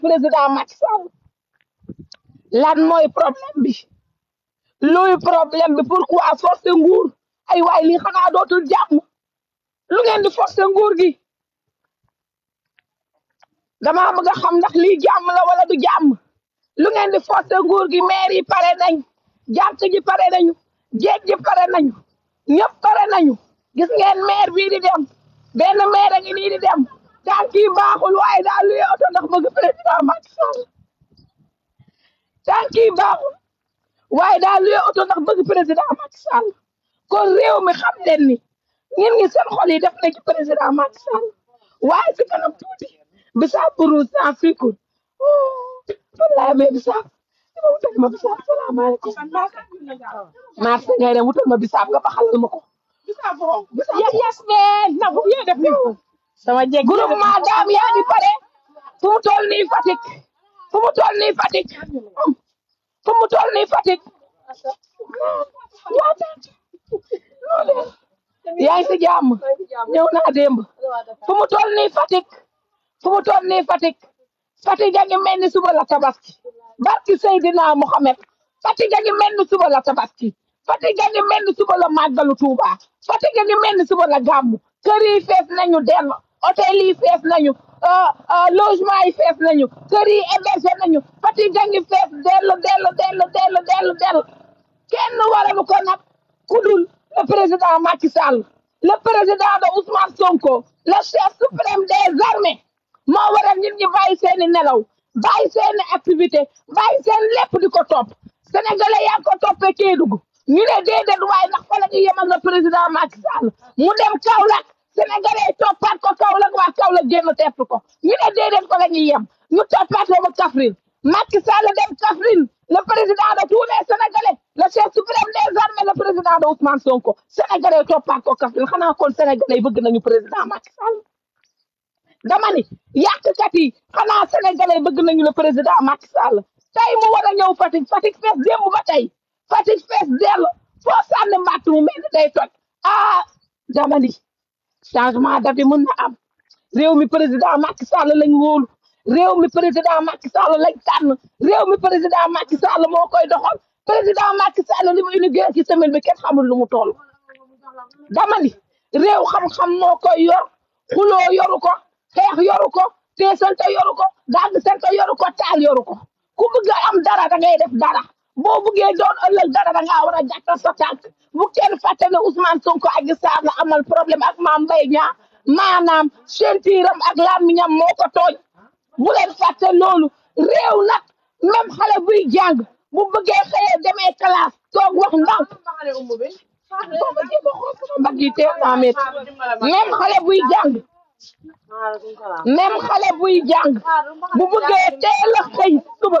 président Macky Sall lan mooy problème bi luy problème bi pourquoi forcer nguur ay waay li xanaa dootul jàmm lu ngeen di forcer nguur gi dama bëgg a xam ndax lii jàmm la wala du jàmm lu ngeen di forcer nguur gi maire yi pare nañ jàrt ji pare nañu jéeg ji pare nañu ñëpp pare nañu gis ngeen maire bii di dem benn maire a ngi nii di dem tànk yi baaxul waaye daal luy oto ndax bëgg président Macky Sall tànk yi baaxul waaye daal luy oto ndax bëgg président Macky Sall kon réew mi xam leen ni ñun ñi seen xol yi def na ci président Macky Sall waaye si kanam tuuti bisaab bu ruus naa fikul wallaay bisaab dama wutal ma bisaab salaamaaleykum marché ngay dem wutal ma nga baxalal ma ko bisaab boo bisaab yes yes mais nagu yee sama jég groupement daam yaa ngi pare fu mu toll nii Fatick fu yaa ngi ñëw naa démb fu mu toll nii Fatick fu mu toll nii Fatick suba la tabaski barki Seydina Mohamed Fatick a ngi mel suba la tabaski Fatick a ngi mel ni suba la màggalu Tuuba Fatick a ngi mel suba la gàmmu kër yi nañu dellu hôtel yi fees nañu logement yi fees nañu kër yi hébergé nañu Fatick a ngi fees dellu dellu dellu dellu dellu dellu kenn waralu ko nag ku dul le président Macky Sall le président de Ousmane Sonko le chef suprême des armées moo waral nit ñi bàyyi seeni nelaw bàyyi seeni activité bàyyi seen lépp di ko topp sénégalais yaa ko toppee Kédougou ñu ne déedéet waaye ndax fa la ñu yemal le président Macky Sall mu dem Kaolack sénégalais toppaat ko Kaolack waa Kaolack génn tepp ko ñu ne déedéet ko la ñuy yem ñu toppaat ko ba Kaffrine Macky le président de tous les sénégalais le chef suprême des armées le de Ousmane Sonko sénégalais toppaat ko Kaffrine xanaa kon sénégalais bëgg nañu président Macky Sall dama ni yàqkat yi xanaa sénégalais bëgg a ñëw Fatick ah dama changement daf mën na am réew mi président Macky Sall lañ wóolu réew mi président Macky Sall lañ tànn réew mi président Macky Sall moo koy doxal président Macky Sall li muy liggéey ci semaine bi kenn xamul lu mu toll dama ni réew xam-xam moo koy yor xuloo yoru ko xeex yoru ko teesante yoru ko dagg sante taal yoru ku bëgg am dara da ngay def dara boo buggee doon ëllëg dara da war a jàttal sa tànk bu kenn fàtte ne Ousmane Sonko amal problème ak Mame Mbaye Niang maanaam sentiram ak làmmiñam moo ko tooñ bu leen réew nag même xale buy jàng bu bëggee xëyee demee classe toog wax ndànk bagité en mètre même xale buy jàng même xale buy jàng bu bëggee teel a xëy suba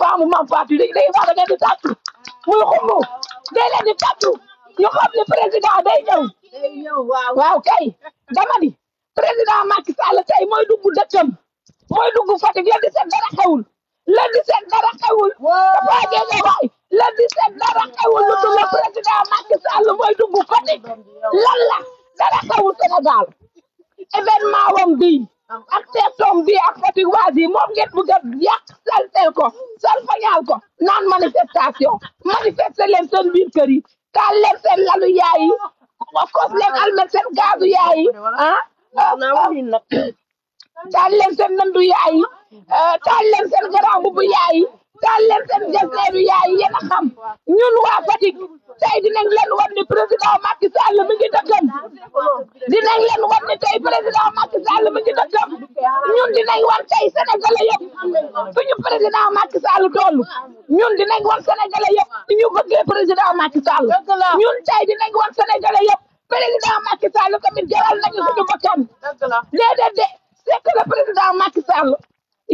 paamu maam Fatou day day wax da ngeen di tàcc muy xumbu day leen di tàcc ñu xam ne président day ñëw waaw kay dama ni président Macky Sall tey mooy dugg dëkkam mooy dugg Fatick yéen di seet dara xewul taal leen seen lalu yaay yi of course leen almet seen gaazu yaay yi ah taal leen seen nandu yaay eh, taal leen seen garaabu bu yaay yi taal leen seen jasneeru yaay yi a xam ñun waa Fatick tey dinañ leen wan ni président Macky Sall mi ngi dëkkam dinañ leen wan ni tey président Macky Sall mi ngi dëkkam ñun dinañ wan tey sénégalais yëpp fi ñu président Macky Sall toll ñun dinañ wan sénégalais yëpp fi ñu bëggee président Macky Sall ñun tey dinañ wan sénégalais yëpp président Macky Sall tamit jaral nañu suñu bakkan déedéet de c'est que le président Macky Sall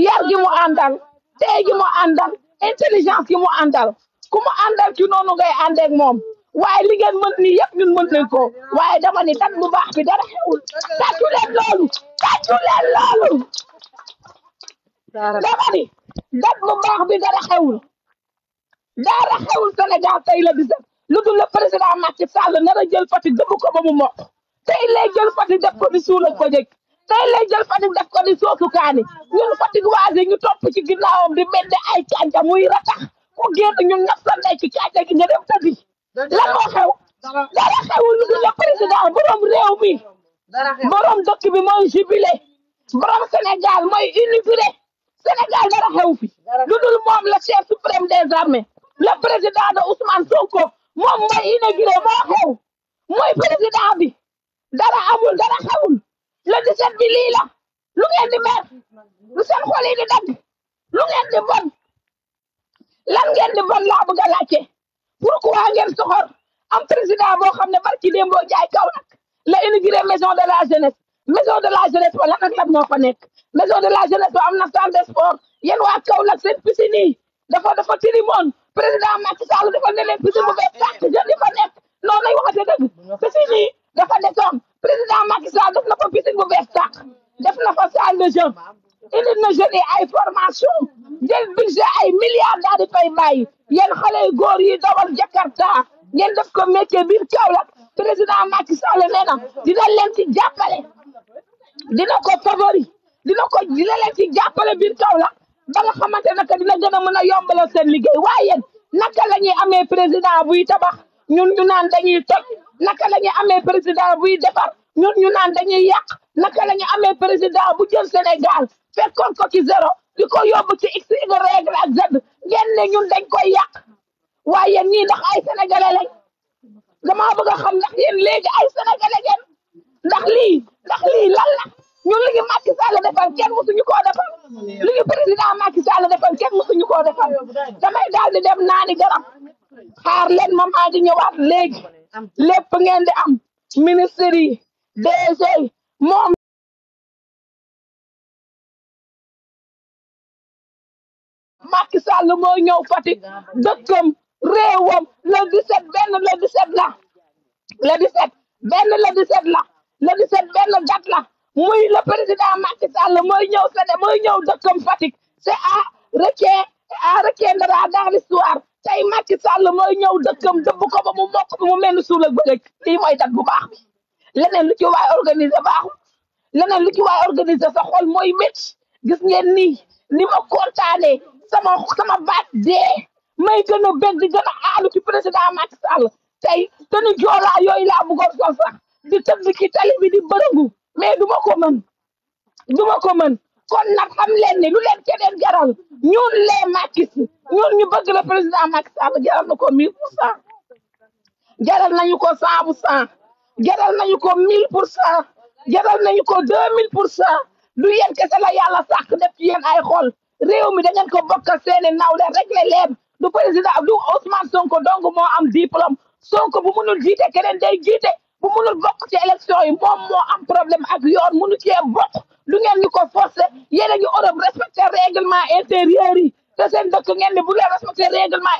yar gi mu àndal tey gi mu àndal intelligence gi mu àndal ku mu àndal ci noonu ngay àndeeg moom waaye li ngeen mën ni yëpp ñun mën nañ ko waaye dama ni tat bu baax bi dara xewul tàccu leen loolu tàccu leen xewul dara tey la di def lu dul le président Macky Sall nar a jël Fatick dëbb ko ba mu mokk tey lay jël Fatick def ko di suulal ko jëkk tey lay jël Fatick def ko di soosu kaani ñun Fatick waase ñu topp ci ginnaawam di mel ay kànja muy ratax ku génn ñu ñaf sa ci kànja gi nga dem tëddi la moo xew dara xewul le président borom réew mi borom dëkk bi mooy jubilé borom Sénégal mooy unifié Sénégal dara xew fi lu dul moom la chef suprême des armées le président de Ousmane Sonko moom mooy inauguré moo xew mooy président bi dara amul dara xewul le 17 bi lii la lu ngeen di mer lu seen xol yi di dagg lu ngeen di bon lan ngeen di bon laa bëgg o laajte pourquoi ngeen soxor am président boo xam ne barki démboo jaay kaw nag la inauguré maison de la jeunesse maison de la jeunesse ba lan ak lan moo fa nekk maison de la jeunesse ba am na de sport yéen waa Kaolack seen piscine dafa dafa tiri moon président Macky Sall dafa ne leen piscine bu bees tàkk fa nekk de favori dina ko dina leen ci jàppale biir kaw la ba nga xamante naka dina gën a mën a yombalal seen liggéey waaye naka la ñuy amee président buy tabax ñun ñu naan dañuy toj naka la ñuy amee président buy defar ñun ñu naan dañuy yàq naka la ñuy amee président bu jël Sénégal fekkoon ko ci zéro di ko yóbbu ci x y règle ak z ngeen ne ñun dañ koy yàq waaye ñii ndax ay sénégalais lañ damaa bëgg a xam ndax yéen léegi ay sénégalais ngeen ndax lii ndax lii la ñun li ñu Macky Sall defal kenn mësuñu koo defal li ñu président Macky Sall defal kenn mësuñu koo defal damay daal di dem naani garab xaar leen ma maa ngi ñëwaat lépp ngeen am ministre yi moom Macky Sall moo ñëw Fatick dëkkam réewam le 17 benn le 17 la le 17 benn le 17 la le 17 benn date la muy le président Macky Sall mooy ñëw Séné mooy ñëw dëkkam Fatick c' a à requin à requiendra dans l'histoire tey Macky Sall mooy ñëw dëkkam dëbb ko ba mu mokk bi mu mel ni suul a bëgg lii mooy dat bu baax bi leneen lu ci waay organiser baaxu leneen lu ci waay organiser sa xol mooy métti gis ngeen nii ni ma kontaanee sama sama baat dee may gën a bëgg di gën a aalu ci a Macky Sall tey te nu joolaa yooyu laa bëggoon sol sax di tëdd ci tali bi di bërëngu mais duma ko mën duma ko mën kon nag xam leen ne lu leen keneen jaral ñun les Macky ñun ñu bëgg la président Macky Sall jaral na ko mille pour cent jaral nañu ko cent pour cent jaral nañu ko mille pour cent jaral nañu ko deux mille pour cent du yéen kese la yàlla sàkk def ci ay xol réew mi da ngeen ko bokkal seeni nawle rek la leen du président du Ousmane Sonko dong moo am diplôme Sonko bu mënul jiite keneen day jiite. bu mënul bokk élection yi moom moo am problème ak yoon mënu cee bokk du ngeen ñu ko forcer yéen a ngi Europe respecté intérieur yi te seen dëkk ngeen ne bu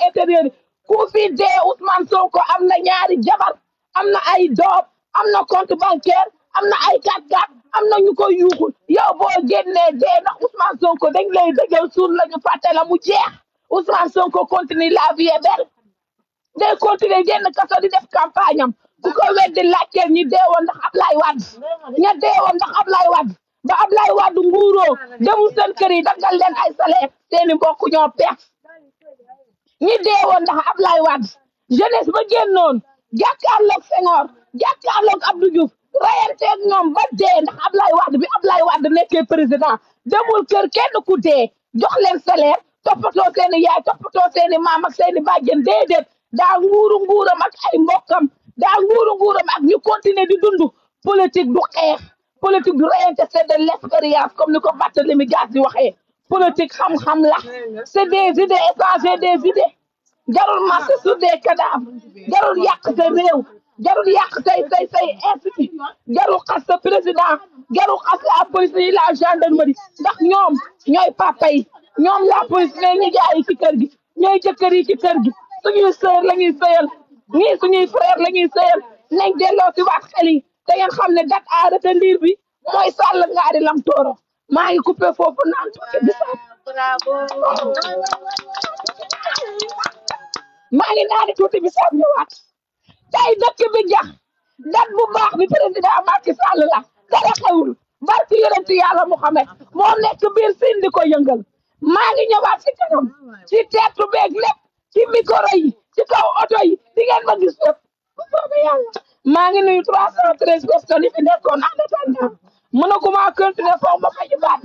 intérieur yi ku fi dee Ousmane Sonko am na ñaari jabar am na ay doom am na compte bancaire am na ay kat-kat am na ñu ko yuuxul yow boo génnee dee ndax Ousmane Sonko dañ lay dëjël suul la ñu fàtte la mu jeex Ousmane Sonko continue la vie est belle day continuer génn kaso di def campagne ku ko weddi laajteel ñi deewoon ndax Ablaye Wade ña deewoon ndax Ablaye Wade ba Ablaye Wade nguuroo demul seen kër yi dangal leen ay salaire seeni mbokk ñoo pex ñi deewoon ndax Ablaye Wade jeunesse ba génnoon jàkkaarloog Senghor jàkkaarloog Abdou Diouf rayanteeg ñoom ba dee ndax Ablaye Wade bi Ablaye Wade nekkee président demul kër kenn ku dee jox leen salaire toppatoo seeni yaay toppatoo seeni maam ak seeni bàjjen déedéet daa nguuru nguuram ak ay mbokkam daal nguuru nguuram ak ñu continuer di dund politique du xeex politique du reyante c'est de l'expérience comme ni ko Barthélémy Dias di waxee politique xam-xam la c'est des idées échanger des idées jarul marché sur des cadavres jarul yàq sa réew jarul yàq say say say institut jarul xas sa président jarul xas la police yi la gendarmerie ndax ñoom ñooy papa yi ñoom la police ne ñu jaay ci kër gi ñooy jëkkër yi ci kër gi suñuy sœur la ñuy ñii suñuy frère la ñuy sëyal nañ delloo si waat xel te ngeen xam ne dat à retenir bi mooy sàll ngaa di maa ngi coupé foofu naan tuuti bisaab maa ngi naan tuuti bisaab ñëwaat tey dëkk bi jax dat bu baax bi président Macky Sall la dara xewul barki yonent yàlla Muhammad moo nekk biir siin ko yëngal maa ngi ñëwaat si kanam si teetu beeg lépp ci micro yi ci kaw oto yi di ngeen ma gis fépp bu soobee yàlla maa ngi nuyu trois cent treize personnes yi fi nekkoon en attendant mën a ko maa continuer ba fay baat